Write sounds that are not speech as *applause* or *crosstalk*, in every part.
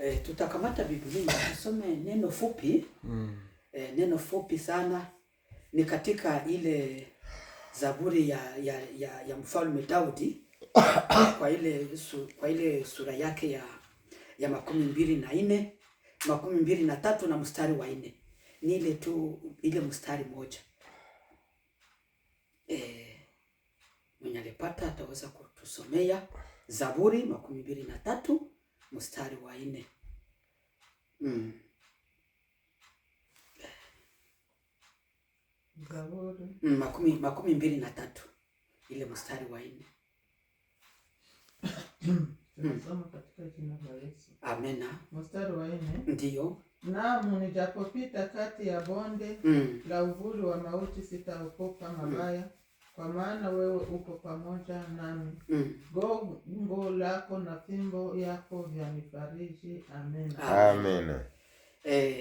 eh, tutakamata Biblia tusome neno fupi mm. eh, neno fupi sana ni katika ile Zaburi ya ya, ya, ya mfalme Daudi *coughs* kwa ile su, kwa ile sura yake ya ya makumi mbili na nne makumi mbili na tatu na mstari wa nne ni ile tu ile mstari moja e, mwenye alipata ataweza kutusomea Zaburi makumi mbili na tatu mstari wa nne. Mm. Mm, makumi, makumi mbili na tatu ile mstari wa nne. *coughs* Mm. Amena. Mstari wa nne. Ndiyo. Naam, nijapopita kati ya bonde mm. la uvuli wa mauti sitaogopa mabaya mm kwa maana wewe uko pamoja nami. Mm. Gongo lako na fimbo yako nifariji. Amen, amen. Eh,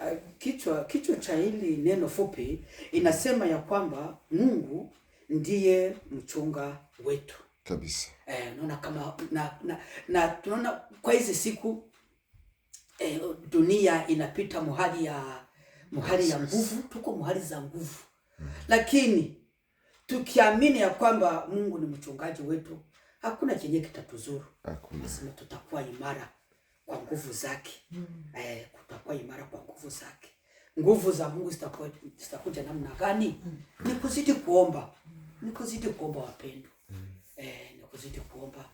eh, kichwa kichwa cha hili neno fupi inasema ya kwamba Mungu ndiye mchunga wetu kabisa. Eh, naona kama na, na, na tunaona kwa hizi siku eh, dunia inapita muhali ya muhali ya nguvu, tuko muhali za nguvu, lakini tukiamini ya kwamba Mungu ni mchungaji wetu, hakuna chenye kitatuzuru, lazima tutakuwa imara kwa nguvu zake mm. Eh, tutakuwa imara kwa nguvu zake. Nguvu za Mungu zitakuja namna gani? mm. ni kuzidi kuomba mm. ni kuzidi kuomba wapendwa mm. Eh, ni kuzidi kuomba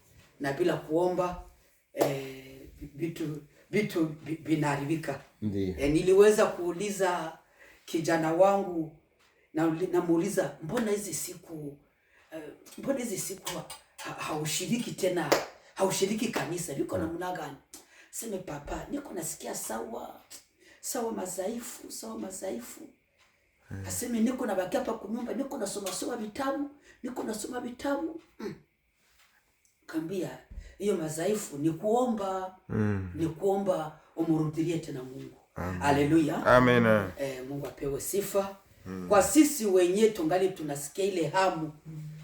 na bila kuomba eh, vitu vitu vitu vinaharibika. Eh, niliweza kuuliza kijana wangu na namuuliza mbona hizi siku uh, mbona hizi siku ha, haushiriki tena haushiriki kanisa, yuko namna gani? Sema papa, niko nasikia sawa sawa mazaifu sawa mazaifu hmm. Aseme niko nabakia hapa kunyumba, niko nasoma soma vitabu, niko nasoma vitabu mm. Kambia hiyo mazaifu ni kuomba mm. ni kuomba umrudilie tena Mungu. Haleluya, amen. Eh, Mungu apewe sifa mm. Kwa sisi wenyewe tungali tunasikia ile hamu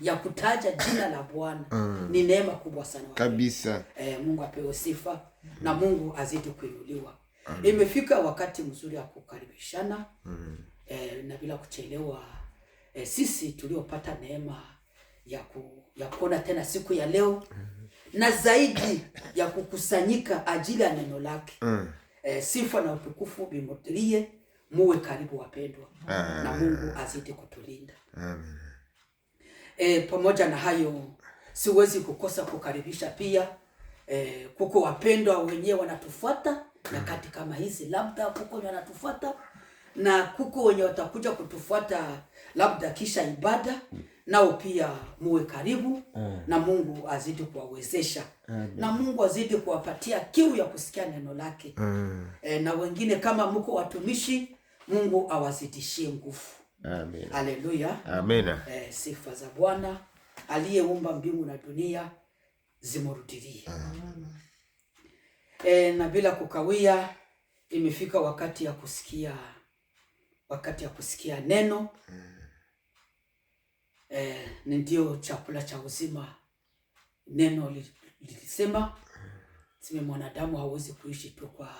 ya kutaja jina la Bwana mm. Ni neema kubwa sana kabisa e, Mungu apewe sifa mm. Na Mungu azidi kuinuliwa. Imefika wakati mzuri wa kukaribishana mm. e, na bila kuchelewa e, sisi tuliopata neema ya ku, ya kuona tena siku ya leo mm. na zaidi ya kukusanyika ajili ya neno lake mm. e, sifa na utukufu bimutilie muwe karibu wapendwa, na Mungu azidi kutulinda Amen. E, pamoja na hayo siwezi kukosa kukaribisha pia e, kuko wapendwa wenyewe wanatufuata nyakati mm. kama hizi, labda kuko wenye wanatufuata na kuko wenye watakuja kutufuata labda kisha ibada, nao pia muwe karibu mm. na Mungu azidi kuwawezesha na Mungu azidi kuwapatia kiu ya kusikia neno lake mm. e, na wengine kama mko watumishi Mungu awazidishie nguvu. Amen. Haleluya. Amen. E, sifa za Bwana aliyeumba mbingu na dunia zimurudilie. Amen. E, na bila kukawia imefika wakati ya kusikia wakati ya kusikia neno. Hmm. Eh, ni ndio chakula cha uzima. Neno lilisema hmm. sime mwanadamu hawezi kuishi tu kwa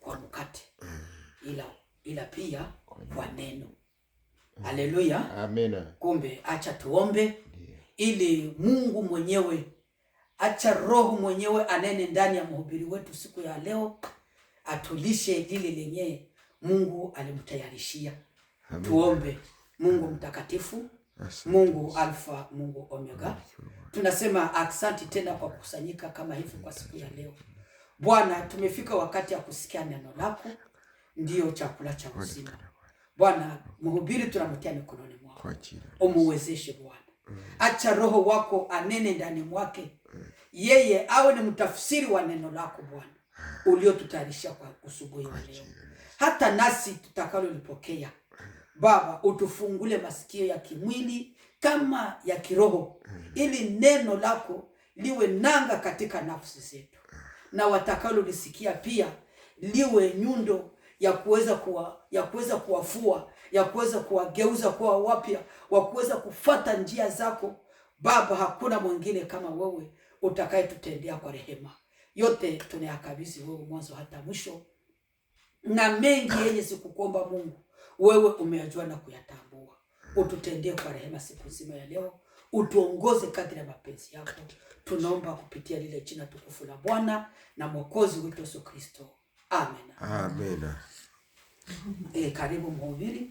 kwa mkate. Hmm. Ila ila pia kwa neno. Haleluya, amina. Kumbe acha tuombe, yeah. ili Mungu mwenyewe, acha Roho mwenyewe anene ndani ya mhubiri wetu siku ya leo, atulishe lile lenye Mungu alimtayarishia. Tuombe. Mungu mtakatifu, Mungu Alfa, Mungu Omega, tunasema aksanti tena kwa kukusanyika kama hivi kwa siku ya leo. Bwana, tumefika wakati ya kusikia neno lako ndiyo chakula cha uzima. Bwana mhubiri, tunamtia mikononi mwako, umuwezeshe Bwana. Mm. Acha Roho wako anene ndani mwake, mm. yeye awe ni mtafsiri wa neno lako Bwana mm. uliotutayarisha kwa usubuhi ya leo. Hata nasi tutakalolipokea Baba, utufungule masikio ya kimwili kama ya kiroho, ili neno lako liwe nanga katika nafsi zetu, na watakalolisikia pia liwe nyundo ya kuweza kuwa ya kuweza kuwafua ya kuweza kuwageuza kuwa wapya wa kuweza kufata njia zako Baba. Hakuna mwingine kama wewe utakayetutendea kwa rehema. Yote tunayakabidhi wewe, mwanzo hata mwisho, na mengi yenye sikukuomba Mungu, wewe umeyajua na kuyatambua. Ututendee kwa rehema siku nzima ya leo, utuongoze kadri ya mapenzi yako. Tunaomba kupitia lile jina tukufu la Bwana na Mwokozi wetu Yesu Kristo. Amen. Amen. E, eh, karibu mhubiri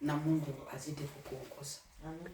na Mungu azidi kukuongoza. Amen.